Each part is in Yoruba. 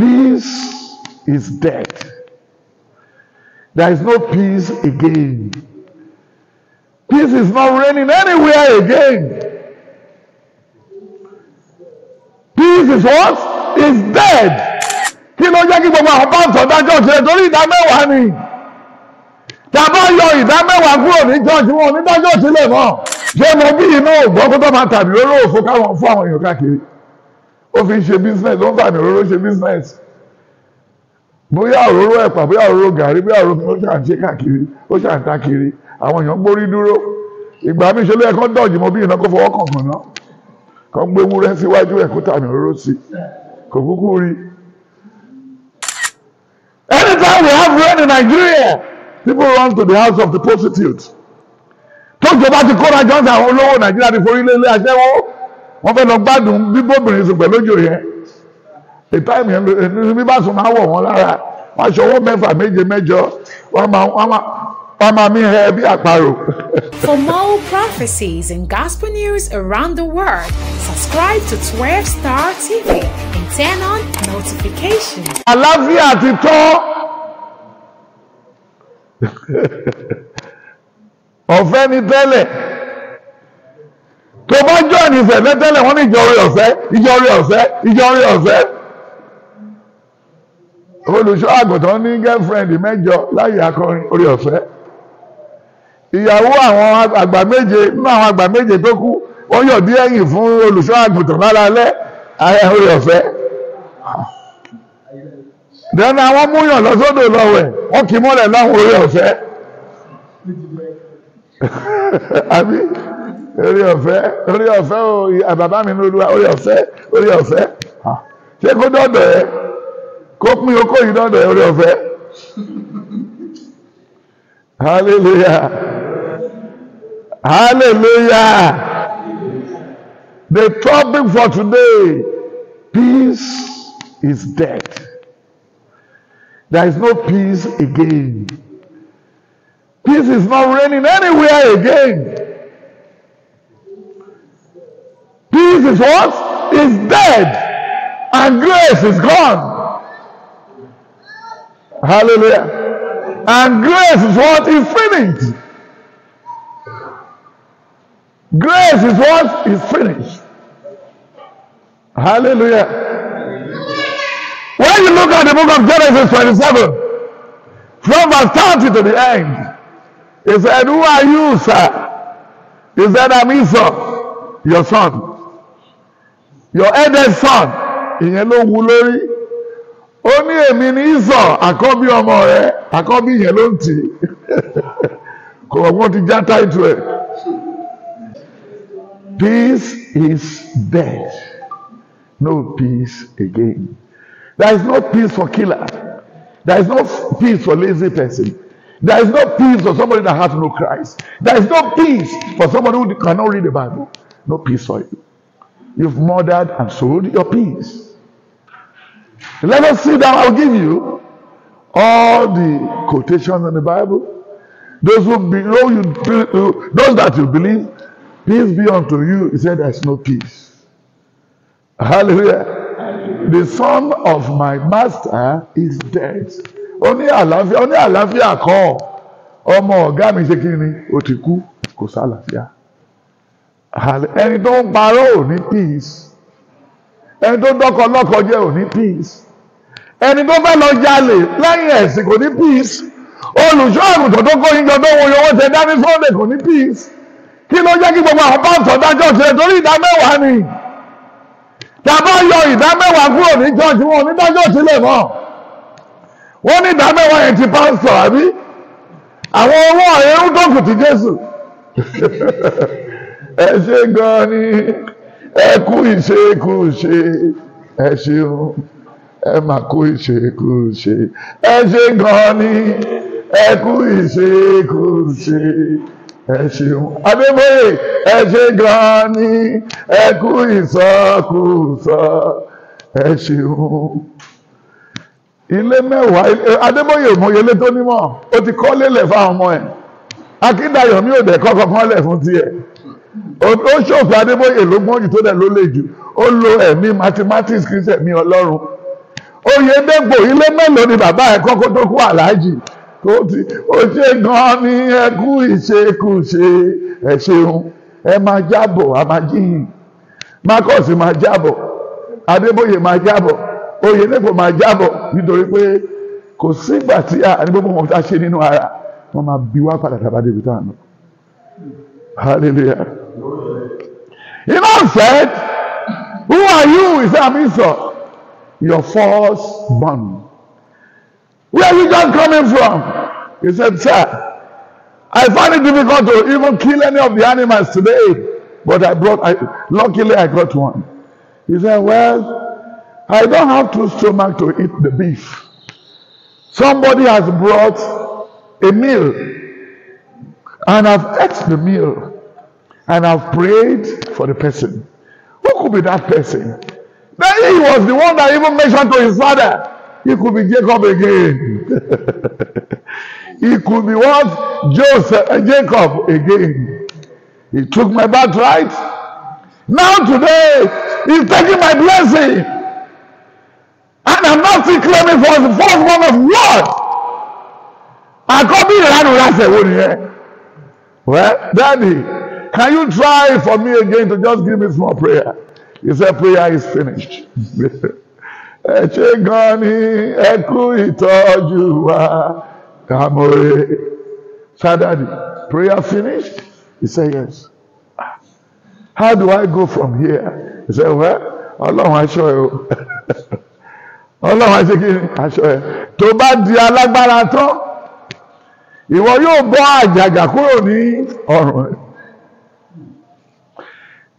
Peace is dead. There is no peace again. Peace is not reigning anywhere again. Peace is what? Is dead. Kí ló jẹ́ kí gbogbo àwọn pásítọ̀ dájọ́ ṣe torí ìdá mẹ́wàá ni? Tàbá yọ ìdá mẹ́wàá kúrò ní jọ́ọ̀ṣì wọn onídájọ́ sílẹ̀ mọ́. Ṣé mo bí inú ògbọ́n kó tó máa tàbí lórí káwọn fún àwọn èèyàn káàkiri? ó fi ṣe business ó ń fàmì òróró ṣe business bóyá òróró ẹ̀pà bóyá òróró gàrí bóyá òróró ó ṣà ń ṣe káàkiri ó ṣà ń ta kiri àwọn èèyàn gbórí dúró ìgbà mi ṣe lóye kán dọ̀jì mọ́ bí iná kó fọwọ́ kọ̀ọ̀kan náà kán gbé wúrẹ́ síwájú ẹ̀ kó tàmì òróró sí kò kúkú rí. anytime we have rain in Nigeria people run to the house of the prostitute tó jọba ti kóra jọ́ǹsà àwọn olówó Nàìjíríà ti forí lé ilé aṣẹ́wó wọ́n fẹ́ lọ gbádùn bíbóbìnrin sùn pẹ̀lú yẹn ètò ẹnu bí bá sùn máa wọ̀ wọ́n lára wọ́n aṣọ owó mẹ́fà méje mẹ́jọ wọ́n máa wọ́n máa mí hẹ́ bí àparò. For more prophecies and gospel news around the world, subscribe to Twelve Star TV and turn on notifications. Àlàáfíà ti tọ́. Ọ̀fẹ́ ni tẹ́lẹ̀ tó bá join ìṣẹ̀fẹ́ tẹ́lẹ̀ wọ́n ní ìjọ orí ọ̀fẹ́ ìjọ orí ọ̀fẹ́ ìjọ orí ọ̀fẹ́ olùṣọ́ àgùntàn ní girlfriend mẹ́jọ láyé akọrin orí ọ̀fẹ́ ìyàwó àwọn àgbà méje nínú àwọn àgbà méje tó kú wọ́n yọ̀ dí ẹ̀yìn fún olùṣọ́ àgùntàn lára alẹ́ ààrẹ orí ọ̀fẹ́ dẹ́nu àwọn múyàn lọ́sọ́dọ̀ lọ́wẹ̀ wọ́n kì í mọ́lẹ̀ láwọn orí ọ̀fẹ́ àbí orí ọ̀fẹ́ orí ọ̀fẹ́ o bàbá mi ní olúwa orí ọ̀fẹ́ orí ọ̀fẹ́ ṣé kó dọ́dọ̀ ẹ kó pín okó yìí dọ́dọ̀ ẹ orí ọ̀fẹ́ hallelujah hallelujah the topic for today peace is dead there is no peace again peace is not reigning anywhere again. Peace is what? Is dead. And grace is gone. Hallelujah. And grace is what? is finished. Grace is what? Is finished. Hallelujah. When you look at the book of Genesis 27, from verse 30 to the end, he said, Who are you, sir? He said, I'm Esau, your son your eldest son ìyẹn ló wu lórí ó ní èmi ní ìsọ̀ àkọ́bí ọmọ rẹ àkọ́bí yẹn ló ń tì í kò wọ́n ti já táìtù ẹ̀. Peace is dead. No peace again. There is no peace for killer. There is no peace for lazy person. There is no peace for somebody that has no Christ. There is no peace for somebody who cannot read the Bible. No peace for you. You've murdered and sold your peace. Let us see that I'll give you all the quotations in the Bible. Those who below you, those that you believe, peace be unto you. He said, There's no peace. Hallelujah. Hallelujah. The son of my master is dead. Ó ní àlàáfíà, ó ní àlàáfíà kọ́. Ọmọ ọ̀gá mi ṣe kí ni? Ó ti ẹni tó ń parọ́ ò ní peace ẹni tó dọ́kọ lọ́kọ jẹ́ ò ní peace ẹni tó fẹ́ lọ jalè lẹ́yìn ẹ̀sìn kò ní peace olùṣọ́ àgùntàn tó kó yíjọ tó wo yọwọ́ tẹ dání sunday kò ní peace kí ló jẹ́ kí gbogbo àwọn pásítọ̀ dájọ́ ṣe torí ìdá mẹ́wàá ni tàbá yọ ìdá mẹ́wàá kúrò ní church wọn onídájọ́ sílẹ̀ mọ́ wọ́n ní ìdá mẹ́wàá yẹn ti pásítọ̀ àbí àwọn owó ọ̀yẹ́rú tó kù ti Jésù. ẹ ṣe gan ni ẹ kú ìṣe kú ṣe ẹ ṣeun ẹ mà kú ìṣe kú ṣe ẹ ṣe gan ni ẹ kú ìṣe kú ṣe ẹ ṣeun adébóyè ẹ ṣe gan ni ẹ kú ìsọkúsọ ẹ ṣeun ilé mẹ́wàá adébóyè òmòyelé tó nímọ̀ ó ti kọ́ lélẹ̀ fáwọn ọmọ ẹ̀ akíndayọ̀ mi ò dẹ̀ kọ́kọ́ kọ́lẹ̀ fún tiẹ̀ ó ṣòfò adébóyè ló gbọ́n jù tó dẹ̀ ló lè jù ó lo ẹ̀mí mathematics kì í ṣẹ̀mí ọlọ́run oyèdègbò ilé mélòó ni bàbá ẹ̀ kọ́kọ́ tó kú aláàjì tó ti ó ṣe gan-an ní ẹkú ìṣekúṣe ẹ ṣeun ẹ máa jábọ̀ a máa jíyìn marcus máa jábọ̀ adébóyè máa jábọ̀ oyèdègbò máa jábọ̀ nítorí pé kò sígbà tí a wọn ta ṣe nínú ara wọn máa bí wá padà tàbá débi táwọn hallelujah. He now said, Who are you? He said, I'm Esau, your firstborn. Where are you just coming from? He said, Sir, I find it difficult to even kill any of the animals today, but I brought, I, luckily I got one. He said, Well, I don't have two stomach to eat the beef. Somebody has brought a meal, and I've ate the meal and I've prayed for the person. Who could be that person? Then he was the one that even mentioned to his father. He could be Jacob again. he could be what? Joseph and eh, Jacob again. He took my birthright. Now today, he's taking my blessing. And I'm not still claiming for the firstborn of Lord. I come me the I say, Well, Daddy, Can you try for me again to just give me small prayer? He said, Prayer is finished. Eche gani, eku ni ẹ kú ìtọ́jú wa kàmóye. Sadadi, prayer finished? He said, Yes. How do I go from here? He said, Well, Ọlọ́run aṣọ ẹ o. Ọlọ́run aṣọ kí ni aṣọ ẹ. Tó bá di alágbára tán, ìwọ yóò bọ́ àjàgà kúrò ní ọrùn rẹ̀.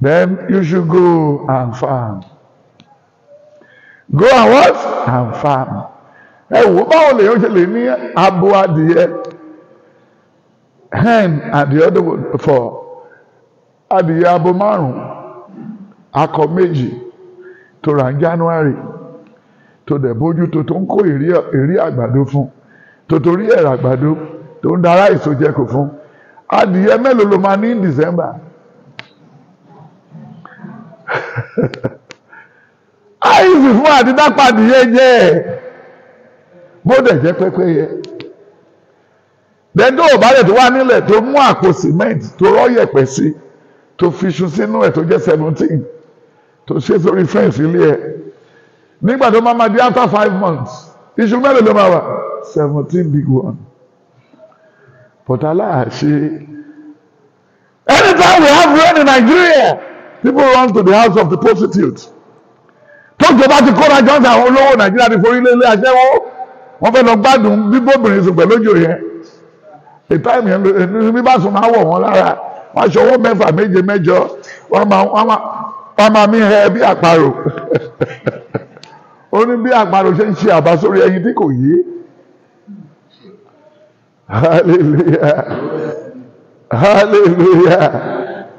Then you should go and farm. Go and what? And farm. Ẹ wò báwo lèyàn ṣe lè ní abo adìyẹ hen adìyẹ fọ adìyẹ abo márùn-ún akọ méjì tó rà January tó dẹ̀ bójú tó tó ń kó ìrí àgbàdo fún tó torí ẹ̀rọ àgbàdo tó ń dara èso jẹ kò fún adìyẹ mélòó ló máa ní December àìsí fún àti dápàdé yé jẹ́ bó dẹ̀ jẹ́ pẹ́pẹ́ yẹ dẹ́ńtò òbálẹ̀ tó wà nílẹ̀ tó mú àpò cement tó rọ́yẹ̀pẹ̀ sí tó fiṣu sínú ẹ̀ tó jẹ́ seventeen tó ṣe sórí fẹ́ǹsì ilé ẹ̀ nígbà tó máa ma di after five months iṣu mélòó ló máa wà seventeen big one but aláàṣe anytime we have rain in Nigeria people run to the house of the prostitute tọ́jú ọba ti kóra jọ́sà àwọn olówó nàìjíríà ti forí lé ilé aṣẹ́wó wọ́n fẹ́ lọ gbádùn bíbóbìnrin sùn pẹ̀lú òjò yẹn time ìmìyàn ní bí bá sùn máa wọ̀ wọ́n lára wọ́n aṣọ owó mẹ́fà méje mẹ́jọ wọ́n máa mí hẹ bí àparò ó ní bí àparò ṣe ń ṣe àbá sórí ẹyin tí kò yé hallelujah hallelujah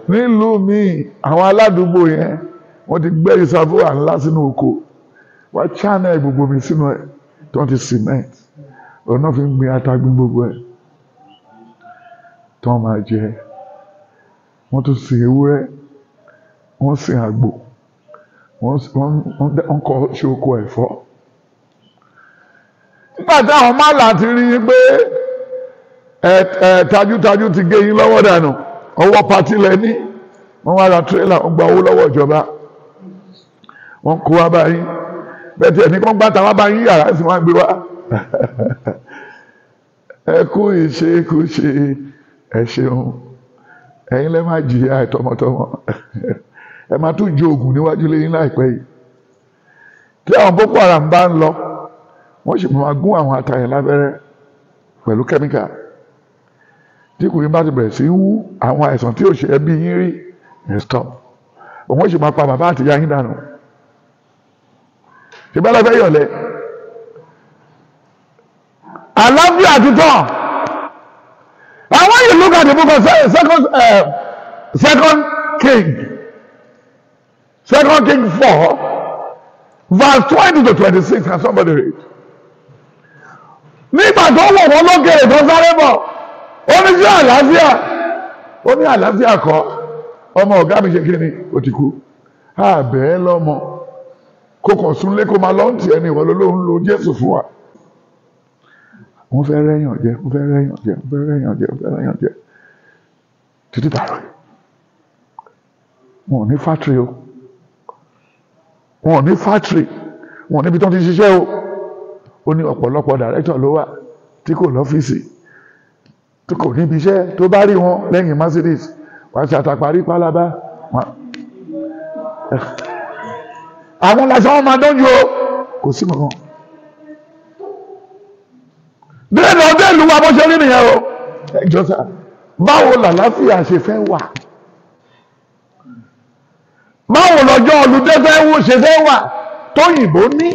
nílùú míì àwọn aládùúgbò yẹn wọ́n ti gbẹ́ ìsàbúrà ńlá sínú oko wá china gbogbo mi sínú ẹ̀ tí wọ́n ti cement ọ̀nà fi ń gbin atagbín gbogbo ẹ̀ tí wọ́n máa jẹ wọ́n tún sin ewúrẹ́ wọ́n sin àgbò wọ́n kọ́ ṣe oko ẹ̀fọ́ nígbà táwọn máàlà ti rí i pé ẹ̀ ẹ̀ tajútajú ti gé yín lọ́wọ́ dànù. No ọwọ́ pati lẹ́ni wọ́n wá ra tírélà wọ́n gba owó lọ́wọ́ ìjọba wọ́n kó wá báyìí bẹ́ẹ̀ tí ẹni kan gbá tàwa bá yàrá sí wọ́n gbé wá ẹ kú ìṣe kú ṣe ẹ ṣeun ẹ̀yin lẹ́ máa jìyà ẹ̀ tọmọtọmọ ẹ máa tún ju oògùn níwájú lẹ́yìn láìpẹ́ yìí tí àwọn Boko Haram bá ń lọ wọ́n sì máa gún àwọn atayẹ̀ lábẹ́rẹ́ pẹ̀lú kẹ́míkà tí kò yín bá ti bẹ̀rẹ̀ sí ń wú àwọn àìsàn tí ò ṣe ẹbí yín rí ní stop òun ṣì máa pa bàbá àti ìyá yín dànù ṣùgbọ́n ẹlẹ́fẹ́ yọ̀lẹ́ àlàáfíà want you to look at the book of second, uh, second king second king four verse twenty to twenty-six can somebody read nígbà tó wọ̀ wọ́n lókèrè tó sáré bọ̀ ó ní sí àlàáfíà ó ní àlàáfíà kọ́ ọmọ ọ̀gá mi ṣe kí ni ó ti kú àbẹ́ lọ́mọ kó kàn súnlé kó máa lọ́ǹtì ẹni ìwọ lóhùn lo Jésù fún wa. mo fẹ́ rẹ́yàn jẹ mo fẹ́ rẹ́yàn jẹ mo fẹ́ rẹ́yàn jẹ mo fẹ́ rẹ́yàn jẹ títí dàrú yìí wọn ò ní fátìrì o wọn ò ní fátìrì wọn ò níbi tó ti ṣiṣẹ́ o ó ní ọ̀pọ̀lọpọ̀ dàrẹ́tọ̀ ló wà tí kò lọ́fíìsì tí kò níbi iṣẹ́ tó bá rí wọn lẹ́yìn Mercedes wàá ṣàtàparí pálábá àwọn làṣà wọn máa dánjú o kò sí kankan dírẹ́nà ọdẹ́lù wa bó ṣe rí nìyẹn o ẹjọ́ báwo làlàáfíà ṣe fẹ́ wà báwo lọ́jọ́ olùdé ṣe fẹ́ wà tóyìnbó ní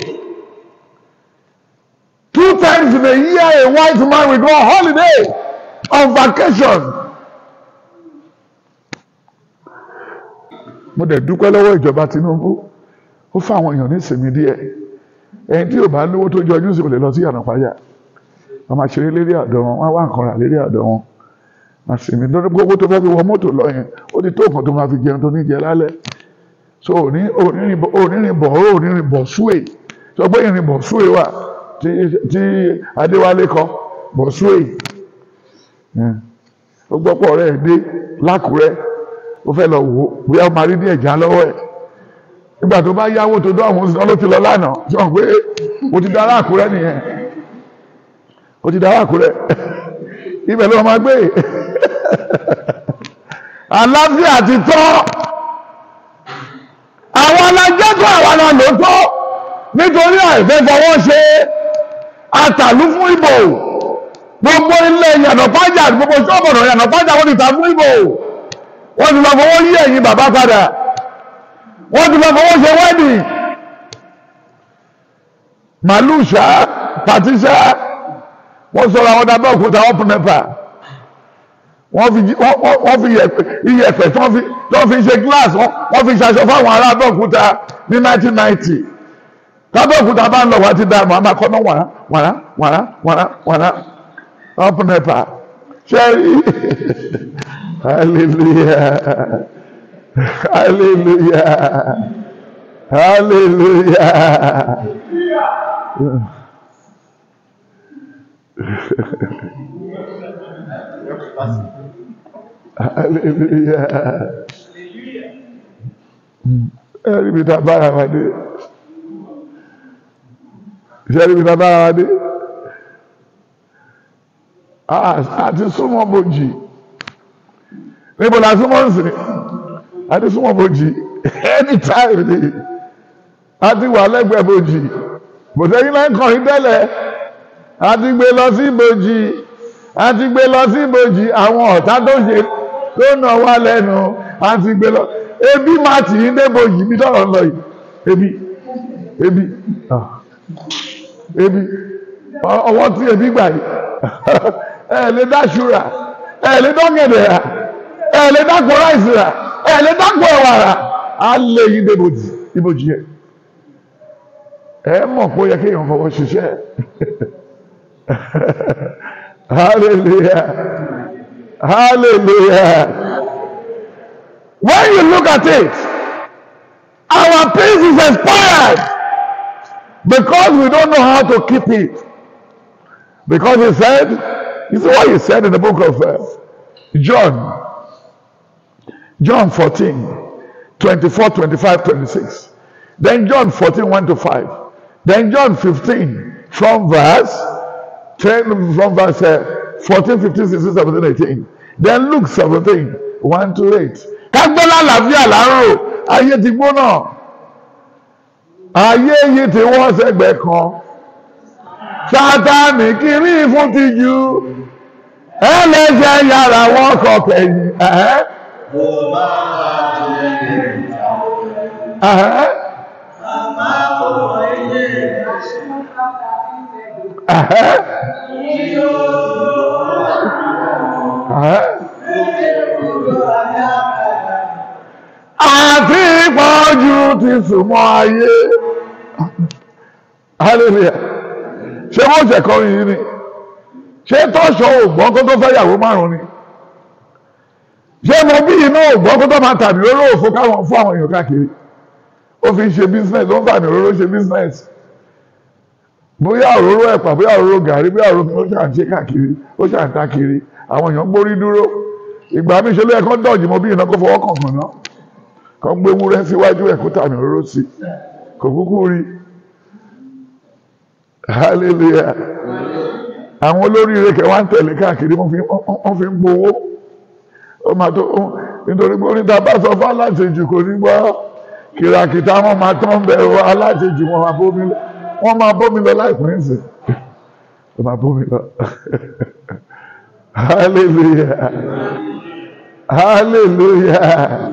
two times in a year a white man with go holiday on vacation. mo dẹ̀ dúpẹ́ lọ́wọ́ ìjọba Tinubu ó fáwọn èèyàn ní ìsinmi díẹ̀ ẹni tí ò bá lówó tó jọjú sí kò lè lọ sí ìyànà pàjá wọn máa ṣeré lérí àdó wọn wọn wá nǹkan rà lérí àdó wọn wọn sì mí lórí gbogbo tó fẹ́ fi wọ mọ́tò lọ yẹn ó ti tó nǹkan tó máa fi jẹun tó ní jẹ lálẹ́ so onírin bọ̀ onírin bọ̀ súwe sọ pé ìrìn bọ̀ súwe wà tí Adéwálé kọ bọ̀ súwe ó gbọ́pọ̀ rẹ̀ dé lákùrẹ́ ó fẹ́ lọ wò bóyá ó máa rí ní ẹ̀já lọ́wọ́ ẹ̀ nígbà tó bá yáwó tó dọ́ àwọn òṣìṣẹ́ ló ti lọ lánàá sọ pé ó ti dára àkúrẹ́ nìyẹn ó ti dára àkúrẹ́ ibẹ̀ ló máa gbé àlàáfíà ti tọ́ àwọn alájẹ́kọ̀ọ́ àwọn náà ló tọ́ nítorí àìfẹ́ fọwọ́ ṣe àtàlú fún ìbò gbogbo ilẹ̀ ìyànàpájà gbogbo ṣọ́bọ̀nà ìyànàpájà wọ́n ti ta fún ìbò wọ́n ti lọ fọwọ́ yí ẹ̀yìn bàbá padà wọ́n ti lọ fọwọ́ ṣe wẹ́ẹ̀dì màálù ṣá pàtí ṣá wọ́n sọ̀rọ̀ àwọn dábẹ́ òkúta wọ́n fún mẹ́fà wọ́n fi iyẹ̀pẹ̀ tó fi ṣe gíláàsì wọ́n fi ṣaṣọ fáwọn ará Abẹ́òkúta ní 1990 tábẹ́òkúta bá ń lọ wá ti dá àmọ́ àmọ́ àkọ́nà wàrà wàrà wàrà wàrà wàrà up nepa ṣẹ́rí hallelujah hallelujah hallelujah hallelujah ẹ̀rí mi ta bára wa dé ṣẹ́rí mi ta bára àti ah, ah, súnmọ́ bòjì níbo la súnmọ́ ń sìn àti súnmọ́ bòjì anytime ni àti wà lẹ́gbẹ̀ẹ́ bòjì bòtẹ́yìn náà ń kọrin tẹ́lẹ̀ àti gbé lọ sí bòjì àti gbé lọ sí bòjì àwọn ọ̀tá tó ṣe tó nà wá lẹ́nu àti gbé lọ ebi máa tì í dé bòjì bí tọ̀rọ̀ ń lọ yìí ebi ebi ah. ebi ọwọ́ tí ebi gbà yìí. ẹ lè dáṣu rà ẹ lè dọ́gẹ̀dẹ̀ rà ẹ lè dákọ̀ ráìsì rà ẹ lè dákọ̀ ẹ̀wà rà ẹ mọ̀ pé ó yẹ kéèyàn fọwọ́ ṣiṣẹ́ hallelujah hallelujah when you look at it our peace is expired because we don't know how to keep it because he said. This is what he said in the book of uh, John. John 14, 24, 25, 26. Then John 14, 1 to 5. Then John 15, from verse 10, from verse uh, 14, 15, 16, 17, 18. Then Luke 17, 1 to 8. Kágbọ́lá làbíà láàárọ̀, ayé ti gbóná. Ayé yìí ti wọ́n sẹ́gbẹ̀ẹ́ kan tata mi kiri fún ti ju ẹlẹ́sẹ̀ yàrá wọn kọ pẹ̀lú. Àti ìpọ́jú ti sùnmọ́ ayé. Hallelujah ṣé wọ́n ṣẹ̀ kọrin yìí ni ṣé tọ́ṣọ ògbọ́n kó tó fẹ́ yàwó márùn-ún ni ṣé mo bí iná ògbọ́n kó tó máa tàbí lóró òfo káwọn fún àwọn èèyàn káàkiri ó fi ṣe business ó ń tàbí òróró ṣe business bóyá òróró ẹ̀pà bóyá òróró gàrí bóyá òróró ó ṣàn ṣe káàkiri ó ṣàn ta kiri àwọn èèyàn gbórí dúró ìgbà mi ṣe lóye kán dọ̀jì mo bí iná kó fọwọ́ kàn kàn náà kán gbé wúrẹ́ síwájú ẹ̀ kó tàbí òróró sí kò kúkú rí hallelujah àwọn olóríire kẹ wá ń tẹ̀lé káàkiri wọ́n fi ń gbowó ó máa tó nítorí pé oníta bá sọ fún aláṣejù kò ní gbọ́ kìràkìtà wọn máa tán bẹ̀rù aláṣejù wọn máa bómi lọ wọ́n máa bómi lọ láìpẹ́ ǹsẹ̀ wọ́n máa bómi lọ hallelujah hallelujah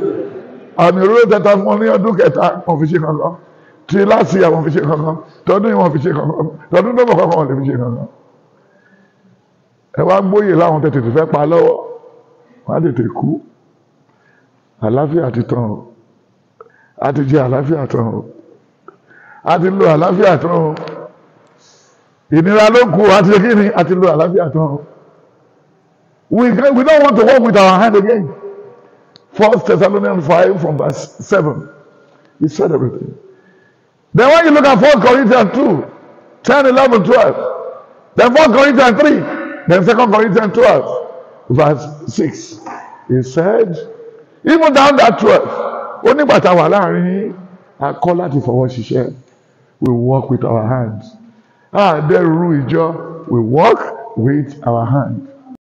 àmì òróró tẹta fún ọ ní ọdún kẹta kọfíṣẹ́ kan lọ ti láti àwọn fi ṣe kankan tọdún yìí wọn fi ṣe kankan tọdún tó bọ̀ kankan wọn lè fi ṣe kankan. ẹ wá gbóyè láwọn tètè tó fẹ́ pa lọ́wọ́ wọn á tètè kú àláfíà ti tán o a ti jẹ àláfíà tán o a ti lo àláfíà tán o ìnira ló kù a ti ṣe kí ni a ti lo àláfíà tán o. We, can, we don't want to work with our hand again. First Thessalonians five, from verse seven, He said everything. Then when you look at 4 Corinthians 2, 10, 11, 12, then 4 Corinthians 3, then 2 Corinthians 12, verse 6, he said, even down that 12, only nígbà our a wà láàrin for what she said, we work with our hands. Ah, dẹ́rù ìjọ, we work with our hands.